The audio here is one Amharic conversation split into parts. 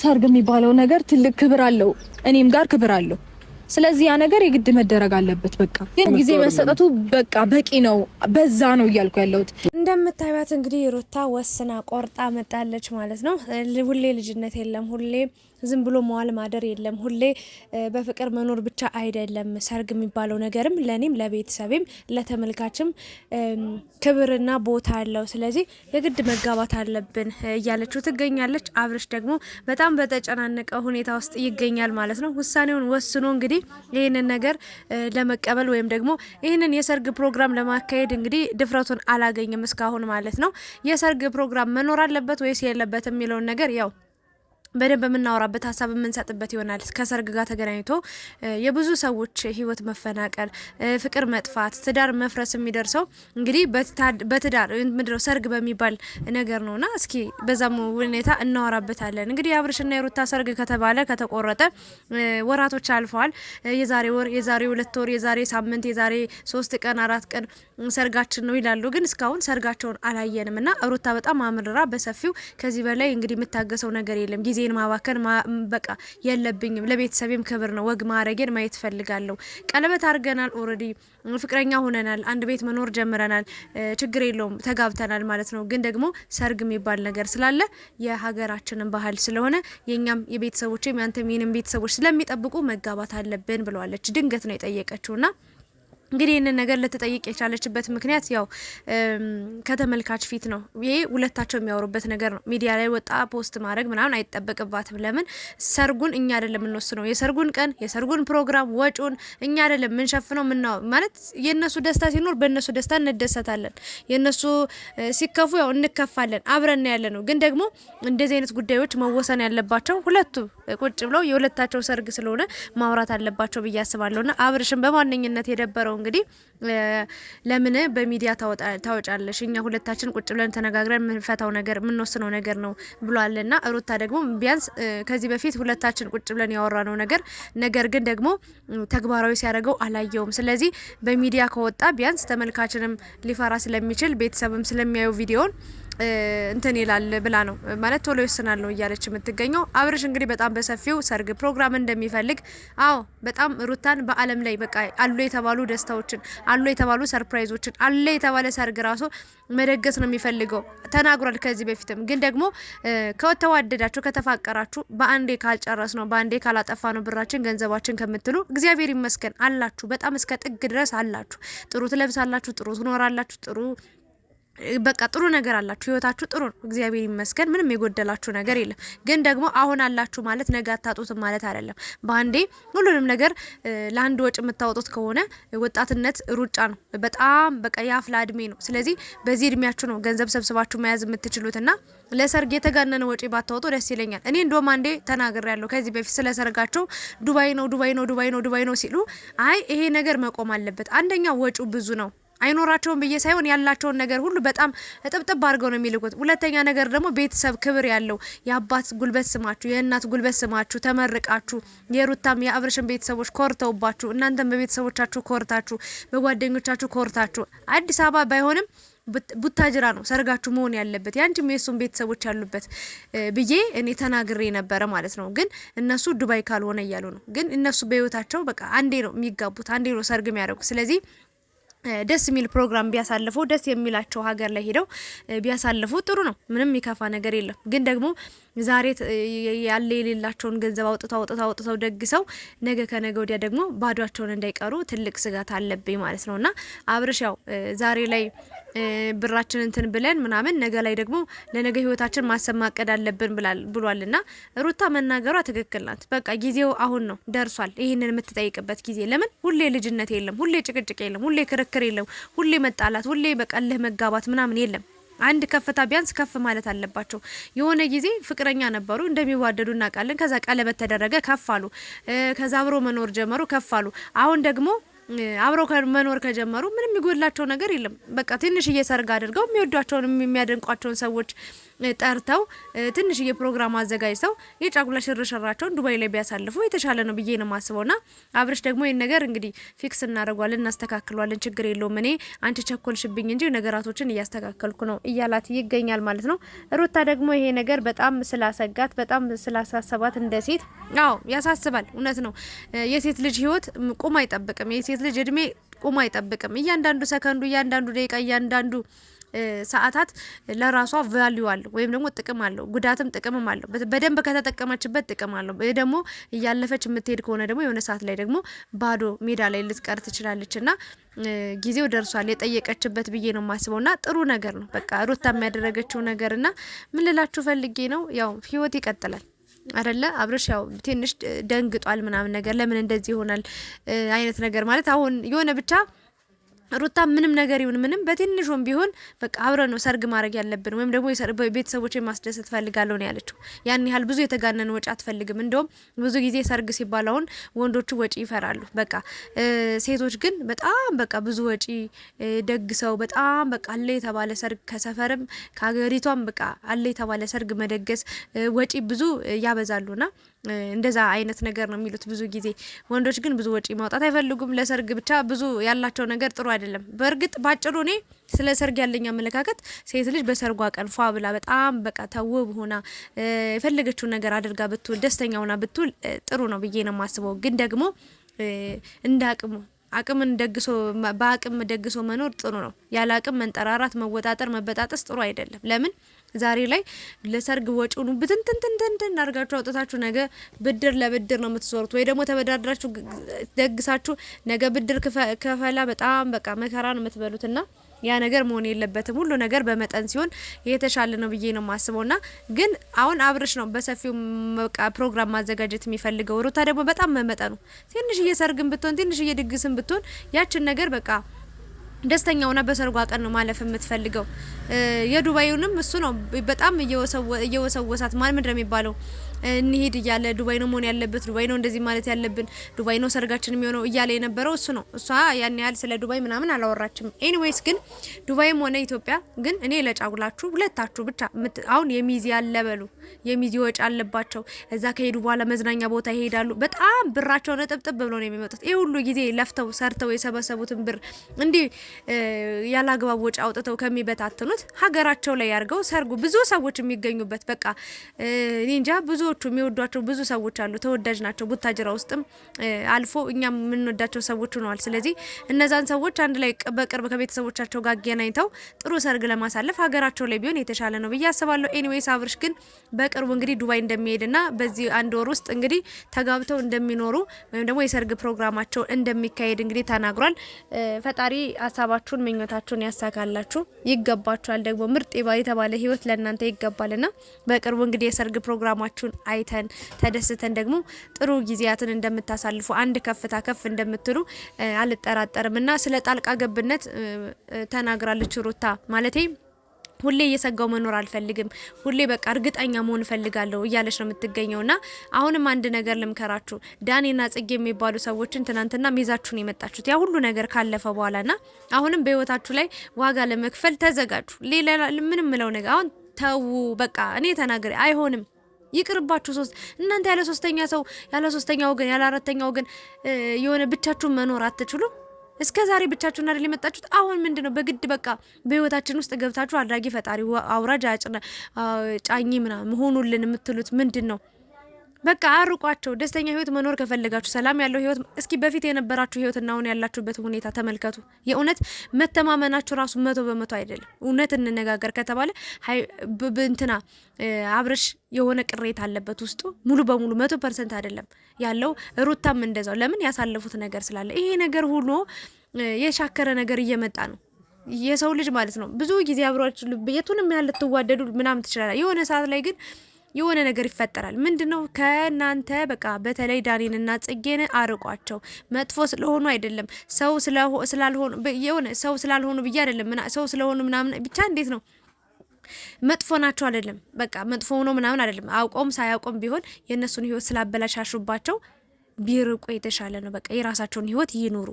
ሰርግ የሚባለው ነገር ትልቅ ክብር አለው፣ እኔም ጋር ክብር አለው። ስለዚህ ያ ነገር የግድ መደረግ አለበት። በቃ ግን ጊዜ መሰጠቱ በቃ በቂ ነው። በዛ ነው እያልኩ ያለሁት። እንደምታዩት እንግዲህ ሩታ ወስና ቆርጣ መጣለች ማለት ነው። ሁሌ ልጅነት የለም ሁሌ ዝም ብሎ መዋል ማደር የለም። ሁሌ በፍቅር መኖር ብቻ አይደለም ሰርግ የሚባለው ነገርም ለእኔም ለቤተሰቤም ለተመልካችም ክብርና ቦታ አለው። ስለዚህ የግድ መጋባት አለብን እያለችው ትገኛለች። አብርሽ ደግሞ በጣም በተጨናነቀ ሁኔታ ውስጥ ይገኛል ማለት ነው። ውሳኔውን ወስኖ እንግዲህ ይህንን ነገር ለመቀበል ወይም ደግሞ ይህንን የሰርግ ፕሮግራም ለማካሄድ እንግዲህ ድፍረቱን አላገኝም እስካሁን ማለት ነው። የሰርግ ፕሮግራም መኖር አለበት ወይስ የለበት የሚለውን ነገር ያው በደንብ የምናወራበት ሀሳብ የምንሰጥበት ይሆናል። ከሰርግ ጋር ተገናኝቶ የብዙ ሰዎች ህይወት መፈናቀል፣ ፍቅር መጥፋት፣ ትዳር መፍረስ የሚደርሰው እንግዲህ በትዳር ምድረው ሰርግ በሚባል ነገር ነውና እስኪ በዛም ሁኔታ እናወራበታለን። እንግዲህ የአብርሽና የሩታ ሰርግ ከተባለ ከተቆረጠ ወራቶች አልፈዋል። የዛሬ ወር፣ የዛሬ ሁለት ወር፣ የዛሬ ሳምንት፣ የዛሬ ሶስት ቀን አራት ቀን ሰርጋችን ነው ይላሉ፣ ግን እስካሁን ሰርጋቸውን አላየንም እና ሩታ በጣም አምርራ በሰፊው ከዚህ በላይ እንግዲህ የምታገሰው ነገር የለም ጊዜ ጊዜን ማባከን በቃ የለብኝም። ለቤተሰቤም ክብር ነው፣ ወግ ማረጌን ማየት ፈልጋለሁ። ቀለበት አድርገናል፣ ኦልሬዲ ፍቅረኛ ሆነናል፣ አንድ ቤት መኖር ጀምረናል። ችግር የለውም ተጋብተናል ማለት ነው። ግን ደግሞ ሰርግ የሚባል ነገር ስላለ የሀገራችንን ባህል ስለሆነ የእኛም የቤተሰቦች ያንተም የኔም ቤተሰቦች ስለሚጠብቁ መጋባት አለብን ብለዋለች። ድንገት ነው የጠየቀችውና እንግዲህ ይህንን ነገር ልትጠይቅ የቻለችበት ምክንያት ያው ከተመልካች ፊት ነው። ይሄ ሁለታቸው የሚያወሩበት ነገር ነው። ሚዲያ ላይ ወጣ ፖስት ማድረግ ምናምን አይጠበቅባትም። ለምን ሰርጉን እኛ አይደለም የምንወስነው፣ የሰርጉን ቀን፣ የሰርጉን ፕሮግራም ወጪውን እኛ አይደለም የምንሸፍነው። ምናው ማለት የእነሱ ደስታ ሲኖር በእነሱ ደስታ እንደሰታለን፣ የእነሱ ሲከፉ ያው እንከፋለን። አብረን ያለ ነው። ግን ደግሞ እንደዚህ አይነት ጉዳዮች መወሰን ያለባቸው ሁለቱ ቁጭ ብለው የሁለታቸው ሰርግ ስለሆነ ማውራት አለባቸው ብዬ ና አብርሽን በማንኝነት የደበረው እንግዲህ ለምን በሚዲያ ታወጫለሽ? እኛ ሁለታችን ቁጭ ብለን ተነጋግረን የምንፈታው ነገር የምንወስነው ነገር ነው ብሏልና ሩታ ደግሞ ቢያንስ ከዚህ በፊት ሁለታችን ቁጭ ብለን ያወራነው ነገር ነገር ግን ደግሞ ተግባራዊ ሲያደርገው አላየውም። ስለዚህ በሚዲያ ከወጣ ቢያንስ ተመልካችንም ሊፈራ ስለሚችል ቤተሰብም ስለሚያዩ ቪዲዮን እንትን ይላል ብላ ነው ማለት ቶሎ ይወስናል ነው እያለች የምትገኘው። አብርሽ እንግዲህ በጣም በሰፊው ሰርግ ፕሮግራም እንደሚፈልግ አዎ፣ በጣም ሩታን በዓለም ላይ በቃ አሉ የተባሉ ደስታዎችን አሉ የተባሉ ሰርፕራይዞችን አለ የተባለ ሰርግ ራሱ መደገስ ነው የሚፈልገው ተናግሯል። ከዚህ በፊትም ግን ደግሞ ከተዋደዳችሁ ከተፋቀራችሁ በአንዴ ካልጨረስ ነው በአንዴ ካላጠፋ ነው ብራችን ገንዘባችን ከምትሉ እግዚአብሔር ይመስገን አላችሁ። በጣም እስከ ጥግ ድረስ አላችሁ። ጥሩ ትለብሳላችሁ፣ ጥሩ ትኖራላችሁ፣ ጥሩ በቃ ጥሩ ነገር አላችሁ። ህይወታችሁ ጥሩ ነው፣ እግዚአብሔር ይመስገን። ምንም የጎደላችሁ ነገር የለም። ግን ደግሞ አሁን አላችሁ ማለት ነገ አታጡትም ማለት አይደለም። በአንዴ ሁሉንም ነገር ለአንድ ወጭ የምታወጡት ከሆነ ወጣትነት ሩጫ ነው፣ በጣም በቃ የአፍላ እድሜ ነው። ስለዚህ በዚህ እድሜያችሁ ነው ገንዘብ ሰብስባችሁ መያዝ የምትችሉትና ለሰርግ የተጋነነ ወጪ ባታወጡ ደስ ይለኛል። እኔ እንደውም አንዴ ተናግሬ ያለሁ ከዚህ በፊት ስለ ሰርጋቸው ዱባይ ነው ዱባይ ነው ዱባይ ነው ዱባይ ነው ሲሉ፣ አይ ይሄ ነገር መቆም አለበት። አንደኛ ወጪው ብዙ ነው አይኖራቸውም ብዬ ሳይሆን ያላቸውን ነገር ሁሉ በጣም እጥብጥብ አድርገው ነው የሚልኩት። ሁለተኛ ነገር ደግሞ ቤተሰብ ክብር ያለው የአባት ጉልበት ስማችሁ፣ የእናት ጉልበት ስማችሁ ተመርቃችሁ፣ የሩታም የአብርሽን ቤተሰቦች ኮርተውባችሁ፣ እናንተም በቤተሰቦቻችሁ ኮርታችሁ፣ በጓደኞቻችሁ ኮርታችሁ አዲስ አበባ ባይሆንም ቡታጅራ ነው ሰርጋችሁ መሆን ያለበት ያንቺም የእሱም ቤተሰቦች ያሉበት ብዬ እኔ ተናግሬ ነበረ ማለት ነው። ግን እነሱ ዱባይ ካልሆነ እያሉ ነው። ግን እነሱ በህይወታቸው በቃ አንዴ ነው የሚጋቡት፣ አንዴ ነው ሰርግ የሚያደርጉ ስለዚህ ደስ የሚል ፕሮግራም ቢያሳልፉ ደስ የሚላቸው ሀገር ላይ ሄደው ቢያሳልፉ ጥሩ ነው። ምንም የሚከፋ ነገር የለም። ግን ደግሞ ዛሬ ያለ የሌላቸውን ገንዘብ አውጥተው አውጥተው አውጥተው ደግሰው ነገ ከነገ ወዲያ ደግሞ ባዷቸውን እንዳይቀሩ ትልቅ ስጋት አለብኝ ማለት ነው እና አብርሽ ያው ዛሬ ላይ ብራችን እንትን ብለን ምናምን ነገ ላይ ደግሞ ለነገ ህይወታችን ማሰብ ማቀድ አለብን ብሏል እና ሩታ መናገሯ ትክክል ናት። በቃ ጊዜው አሁን ነው ደርሷል። ይህንን የምትጠይቅበት ጊዜ ለምን ሁሌ ልጅነት የለም፣ ሁሌ ጭቅጭቅ የለም፣ ሁሌ ክርክር የለም፣ ሁሌ መጣላት፣ ሁሌ በቃ መጋባት ምናምን የለም። አንድ ከፍታ ቢያንስ ከፍ ማለት አለባቸው። የሆነ ጊዜ ፍቅረኛ ነበሩ፣ እንደሚዋደዱ እናውቃለን። ከዛ ቀለበት ተደረገ፣ ከፍ አሉ። ከዛ አብሮ መኖር ጀመሩ፣ ከፍ አሉ። አሁን ደግሞ አብረው መኖር ከጀመሩ ምንም የሚጎድላቸው ነገር የለም። በቃ ትንሽ እየሰርግ አድርገው የሚወዷቸውን የሚያደንቋቸውን ሰዎች ጠርተው ትንሽዬ ፕሮግራም አዘጋጅተው የጫጉላ ሽርሽራቸውን ዱባይ ላይ ቢያሳልፉ የተሻለ ነው ብዬ ነው ና አብርሽ ደግሞ ይህን ነገር እንግዲህ ፊክስ እናደርጓለን፣ እናስተካክሏለን፣ ችግር የለውም እኔ አንቺ ቸኮልሽብኝ እንጂ ነገራቶችን እያስተካከልኩ ነው እያላት ይገኛል ማለት ነው። ሩታ ደግሞ ይሄ ነገር በጣም ስላሰጋት በጣም ስላሳሰባት እንደ ሴት አዎ ያሳስባል። እውነት ነው። የሴት ልጅ ህይወት ቁም አይጠብቅም። የሴት ልጅ እድሜ ቁም አይጠብቅም። እያንዳንዱ ሰከንዱ፣ እያንዳንዱ ደቂቃ፣ እያንዳንዱ ሰዓታት ለራሷ ቫልዩ አለው ወይም ደግሞ ጥቅም አለው። ጉዳትም ጥቅምም አለው። በደንብ ከተጠቀመችበት ጥቅም አለው። ደግሞ እያለፈች የምትሄድ ከሆነ ደግሞ የሆነ ሰዓት ላይ ደግሞ ባዶ ሜዳ ላይ ልትቀር ትችላለች እና ጊዜው ደርሷል የጠየቀችበት ብዬ ነው የማስበው። እና ጥሩ ነገር ነው በቃ ሩታ የሚያደረገችው ነገር እና ምን ልላችሁ ፈልጌ ነው ያው ህይወት ይቀጥላል አደለ አብረሽ ያው ትንሽ ደንግጧል ምናምን ነገር ለምን እንደዚህ ይሆናል አይነት ነገር ማለት አሁን የሆነ ብቻ ሩታ ምንም ነገር ይሁን ምንም በትንሹም ቢሆን በቃ አብረ ነው ሰርግ ማድረግ ያለብን፣ ወይም ደግሞ ቤተሰቦች ማስደሰት ፈልጋለሁ ነው ያለችው። ያን ያህል ብዙ የተጋነን ወጪ አትፈልግም። እንደውም ብዙ ጊዜ ሰርግ ሲባል አሁን ወንዶቹ ወጪ ይፈራሉ። በቃ ሴቶች ግን በጣም በቃ ብዙ ወጪ ደግሰው በጣም በቃ አለ የተባለ ሰርግ ከሰፈርም ከሀገሪቷም በቃ አለ የተባለ ሰርግ መደገስ ወጪ ብዙ ያበዛሉና እንደዛ አይነት ነገር ነው የሚሉት ብዙ ጊዜ። ወንዶች ግን ብዙ ወጪ ማውጣት አይፈልጉም። ለሰርግ ብቻ ብዙ ያላቸው ነገር ጥሩ አይደለም። በእርግጥ ባጭሩ እኔ ስለ ሰርግ ያለኝ አመለካከት ሴት ልጅ በሰርጓ ቀን ፏ ብላ በጣም በቃ ተውብ ሆና የፈለገችውን ነገር አድርጋ ብትውል ደስተኛ ሆና ብትውል ጥሩ ነው ብዬ ነው የማስበው። ግን ደግሞ እንደ አቅሙ አቅምን ደግሶ በአቅም ደግሶ መኖር ጥሩ ነው። ያለ አቅም መንጠራራት፣ መወጣጠር፣ መበጣጠስ ጥሩ አይደለም። ለምን ዛሬ ላይ ለሰርግ ወጪውን ብትንትንትንትን አድርጋችሁ አውጥታችሁ ነገ ብድር ለብድር ነው የምትዞሩት፣ ወይ ደግሞ ተበዳድራችሁ ደግሳችሁ ነገ ብድር ከፈላ በጣም በቃ መከራ ነው የምትበሉትና ያ ነገር መሆን የለበትም። ሁሉ ነገር በመጠን ሲሆን የተሻለ ነው ብዬ ነው የማስበው። ና ግን አሁን አብርሽ ነው በሰፊው ፕሮግራም ማዘጋጀት የሚፈልገው። ሩታ ደግሞ በጣም መመጠኑ ትንሽዬ ሰርግን ብትሆን ትንሽዬ ድግስን ብትሆን ያችን ነገር በቃ ደስተኛ ሆና በሰርጓ ቀን ነው ማለፍ የምትፈልገው። የዱባዩንም እሱ ነው በጣም እየወሰወሳት ማን ምድር የሚባለው እንሄድ እያለ ዱባይ ነው መሆን ያለበት፣ ዱባይ ነው እንደዚህ ማለት ያለብን፣ ዱባይ ነው ሰርጋችን የሚሆነው እያለ የነበረው እሱ ነው። እሷ ያን ያህል ስለ ዱባይ ምናምን አላወራችም። ኤኒዌይስ ግን ዱባይም ሆነ ኢትዮጵያ ግን እኔ ለጫጉላችሁ ሁለታችሁ ብቻ አሁን የሚዜ ያለበሉ የሚዜ ወጪ አለባቸው። እዛ ከሄዱ በኋላ መዝናኛ ቦታ ይሄዳሉ። በጣም ብራቸው ነጥብጥብ ብሎ ነው የሚመጡት። ይህ ሁሉ ጊዜ ለፍተው ሰርተው የሰበሰቡትን ብር እንዲህ ያለ አግባብ ወጪ አውጥተው ከሚበታትኑት ሀገራቸው ላይ ያርገው ሰርጉ ብዙ ሰዎች የሚገኙበት በቃ እኔ እንጃ ብዙ ሰዎቹ የሚወዷቸው ብዙ ሰዎች አሉ፣ ተወዳጅ ናቸው። ቡታጅራ ውስጥም አልፎ እኛም የምንወዳቸው ሰዎች ሆነዋል። ስለዚህ እነዛን ሰዎች አንድ ላይ በቅርብ ከቤተሰቦቻቸው ጋር አገናኝተው ጥሩ ሰርግ ለማሳለፍ ሀገራቸው ላይ ቢሆን የተሻለ ነው ብዬ አስባለሁ። ኤኒዌይስ አብርሽ ግን በቅርቡ እንግዲህ ዱባይ እንደሚሄድና በዚህ አንድ ወር ውስጥ እንግዲህ ተጋብተው እንደሚኖሩ ወይም ደግሞ የሰርግ ፕሮግራማቸው እንደሚካሄድ እንግዲህ ተናግሯል። ፈጣሪ ሀሳባችሁን ምኞታችሁን ያሳካላችሁ። ይገባችኋል ደግሞ ምርጥ የተባለ ህይወት ለእናንተ ይገባልና በቅርቡ እንግዲህ የሰርግ ፕሮግራማችሁን አይተን ተደስተን ደግሞ ጥሩ ጊዜያትን እንደምታሳልፉ አንድ ከፍታ ከፍ እንደምትሉ አልጠራጠርም እና ስለ ጣልቃ ገብነት ተናግራለች ሩታ ማለቴ ሁሌ እየሰጋው መኖር አልፈልግም፣ ሁሌ በቃ እርግጠኛ መሆን እፈልጋለሁ እያለች ነው የምትገኘው። ና አሁንም አንድ ነገር ልምከራችሁ፣ ዳኔና ጽጌ የሚባሉ ሰዎችን ትናንትና ሚዛችሁን የመጣችሁት ያ ሁሉ ነገር ካለፈ በኋላ ና አሁንም በህይወታችሁ ላይ ዋጋ ለመክፈል ተዘጋጁ። ሌላ ምንም ምለው ነገር አሁን ተዉ፣ በቃ እኔ ተናግሬ አይሆንም ይቅርባችሁ። ሶስት እናንተ ያለ ሶስተኛ ሰው ያለ ሶስተኛ ወገን ያለ አራተኛ ወገን የሆነ ብቻችሁን መኖር አትችሉ? እስከ ዛሬ ብቻችሁን አይደል የመጣችሁት? አሁን ምንድን ነው በግድ በቃ በህይወታችን ውስጥ ገብታችሁ አድራጊ ፈጣሪ አውራጅ ጫኝ ምናምን መሆኑልን የምትሉት ምንድን ነው? በቃ አርቋቸው። ደስተኛ ህይወት መኖር ከፈለጋችሁ ሰላም ያለው ህይወት እስኪ በፊት የነበራችሁ ህይወትና አሁን ያላችሁበት ሁኔታ ተመልከቱ። የእውነት መተማመናችሁ ራሱ መቶ በመቶ አይደለም። እውነት እንነጋገር ከተባለ ብንትና አብረሽ የሆነ ቅሬታ አለበት ውስጡ ሙሉ በሙሉ መቶ ፐርሰንት አይደለም ያለው። ሩታም እንደዛው። ለምን ያሳለፉት ነገር ስላለ ይሄ ነገር ሁኖ የሻከረ ነገር እየመጣ ነው። የሰው ልጅ ማለት ነው ብዙ ጊዜ አብሯችሁ የቱንም ያህል ልትዋደዱ ምናምን ትችላለ የሆነ ሰዓት ላይ ግን የሆነ ነገር ይፈጠራል። ምንድን ነው ከእናንተ በቃ በተለይ ዳኔንና ጽጌን አርቋቸው። መጥፎ ስለሆኑ አይደለም ሰው ስላልሆኑ የሆነ ሰው ስላልሆኑ ብዬ አይደለም ሰው ስለሆኑ ምናምን ብቻ እንዴት ነው መጥፎ ናቸው አይደለም በቃ መጥፎ ሆኖ ምናምን አይደለም። አውቆም ሳያውቆም ቢሆን የእነሱን ህይወት ስላበላሻሹባቸው ቢርቁ የተሻለ ነው። በቃ የራሳቸውን ህይወት ይኑሩ።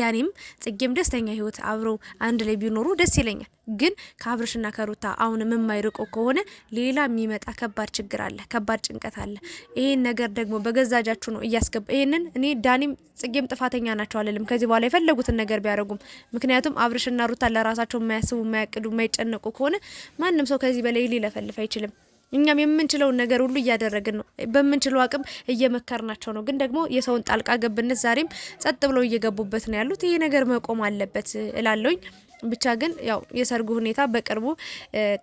ዳኒም ጽጌም ደስተኛ ህይወት አብረው አንድ ላይ ቢኖሩ ደስ ይለኛል። ግን ከአብርሽና ከሩታ አሁን የማይርቆ ከሆነ ሌላ የሚመጣ ከባድ ችግር አለ፣ ከባድ ጭንቀት አለ። ይሄን ነገር ደግሞ በገዛጃችሁ ነው እያስገባ ይሄንን እኔ ዳኔም ጽጌም ጥፋተኛ ናቸው አለልም ከዚህ በኋላ የፈለጉትን ነገር ቢያደርጉም፣ ምክንያቱም አብርሽና ሩታ ለራሳቸው የማያስቡ የማያቅዱ የማይጨነቁ ከሆነ ማንም ሰው ከዚህ በላይ ሊለፈልፍ አይችልም። እኛም የምንችለውን ነገር ሁሉ እያደረግን ነው፣ በምንችለው አቅም እየመከርናቸው ነው። ግን ደግሞ የሰውን ጣልቃ ገብነት ዛሬም ጸጥ ብለው እየገቡበት ነው ያሉት። ይሄ ነገር መቆም አለበት እላለሁኝ። ብቻ ግን ያው የሰርጉ ሁኔታ በቅርቡ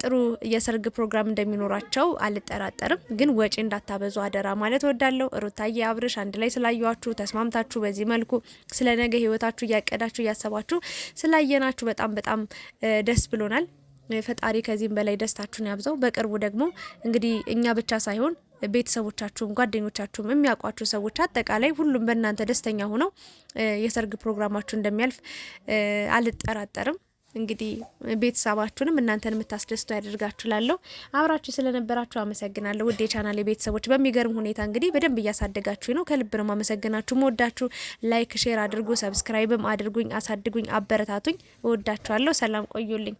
ጥሩ የሰርግ ፕሮግራም እንደሚኖራቸው አልጠራጠርም። ግን ወጪ እንዳታበዙ አደራ ማለት ወዳለሁ። ሩታዬ፣ አብርሽ አንድ ላይ ስላየዋችሁ ተስማምታችሁ፣ በዚህ መልኩ ስለ ነገ ህይወታችሁ እያቀዳችሁ እያሰባችሁ ስላየናችሁ በጣም በጣም ደስ ብሎናል። ፈጣሪ ከዚህም በላይ ደስታችሁን ያብዛው። በቅርቡ ደግሞ እንግዲህ እኛ ብቻ ሳይሆን ቤተሰቦቻችሁም ጓደኞቻችሁም የሚያውቋችሁ ሰዎች አጠቃላይ ሁሉም በእናንተ ደስተኛ ሆነው የሰርግ ፕሮግራማችሁ እንደሚያልፍ አልጠራጠርም። እንግዲህ ቤተሰባችሁንም እናንተን የምታስደስቱ ያደርጋችሁ። ላለሁ አብራችሁ ስለነበራችሁ አመሰግናለሁ። ውድ የቻናል ቤተሰቦች በሚገርም ሁኔታ እንግዲህ በደንብ እያሳደጋችሁ ነው። ከልብ ነው አመሰግናችሁ። መወዳችሁ ላይክ፣ ሼር አድርጉ፣ ሰብስክራይብም አድርጉኝ፣ አሳድጉኝ፣ አበረታቱኝ። እወዳችኋለሁ። ሰላም ቆዩልኝ።